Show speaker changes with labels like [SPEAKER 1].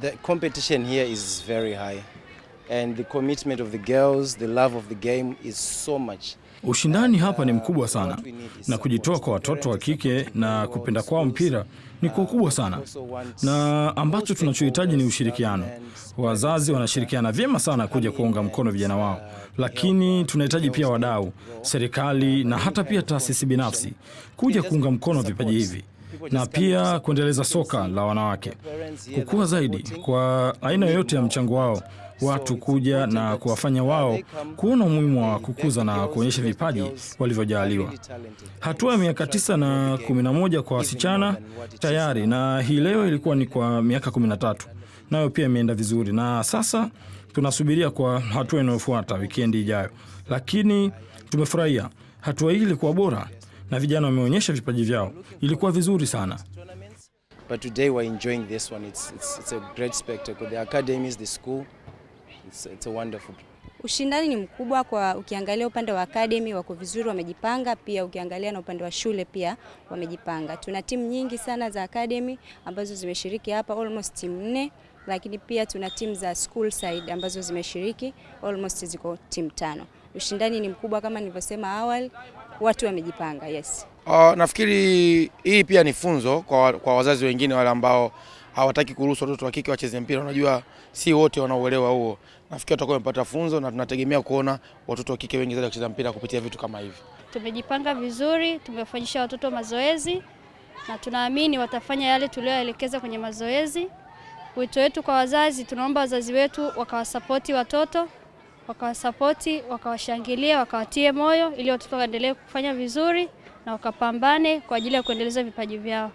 [SPEAKER 1] the competition here is very high and the commitment of the girls, the love of the game is so much.
[SPEAKER 2] Ushindani hapa ni uh, mkubwa sana na kujitoa kwa watoto wa kike na kupenda kwao mpira ni kwa ukubwa sana, na ambacho tunachohitaji ni ushirikiano. Wazazi wanashirikiana vyema sana kuja kuunga mkono vijana uh, wao, lakini tunahitaji pia wadau, serikali na hata pia taasisi binafsi kuja kuunga mkono vipaji hivi na pia kuendeleza soka la wanawake kukua zaidi kwa aina yoyote ya mchango wao, watu kuja na kuwafanya wao kuona umuhimu wa kukuza na kuonyesha vipaji walivyojaaliwa. Hatua ya miaka tisa na kumi na moja kwa wasichana tayari, na hii leo ilikuwa ni kwa miaka kumi na tatu nayo pia imeenda vizuri, na sasa tunasubiria kwa hatua inayofuata wikendi ijayo, lakini tumefurahia hatua hii ilikuwa bora na vijana wameonyesha vipaji vyao. Ilikuwa vizuri sana.
[SPEAKER 1] But today we're enjoying this one. It's, it's, it's a great spectacle. The academy is the school. It's, it's a wonderful.
[SPEAKER 3] Ushindani ni mkubwa kwa ukiangalia upande wa academy wako vizuri, wamejipanga. Pia ukiangalia na upande wa shule pia wamejipanga. Tuna timu nyingi sana za academy ambazo zimeshiriki hapa, almost timu nne, lakini pia tuna timu za school side ambazo zimeshiriki almost ziko timu tano. Ushindani ni mkubwa kama nilivyosema awali, watu wamejipanga, yes.
[SPEAKER 4] Uh, nafikiri hii pia ni funzo kwa, kwa wazazi wengine wale ambao hawataki kuruhusu watoto wa kike wacheze mpira. Unajua si wote wanaoelewa huo. Nafikiri watakuwa wamepata funzo na tunategemea kuona watoto wa kike wengi zaidi wakicheza mpira kupitia vitu kama hivi.
[SPEAKER 5] Tumejipanga vizuri, tumewafanyisha watoto mazoezi na tunaamini watafanya yale tuliyoelekeza kwenye mazoezi. Wito wetu kwa wazazi, tunaomba wazazi wetu wakawasapoti watoto wakawasapoti, wakawashangilia, wakawatie moyo ili watoto waendelee kufanya vizuri na wakapambane kwa ajili ya kuendeleza vipaji vyao.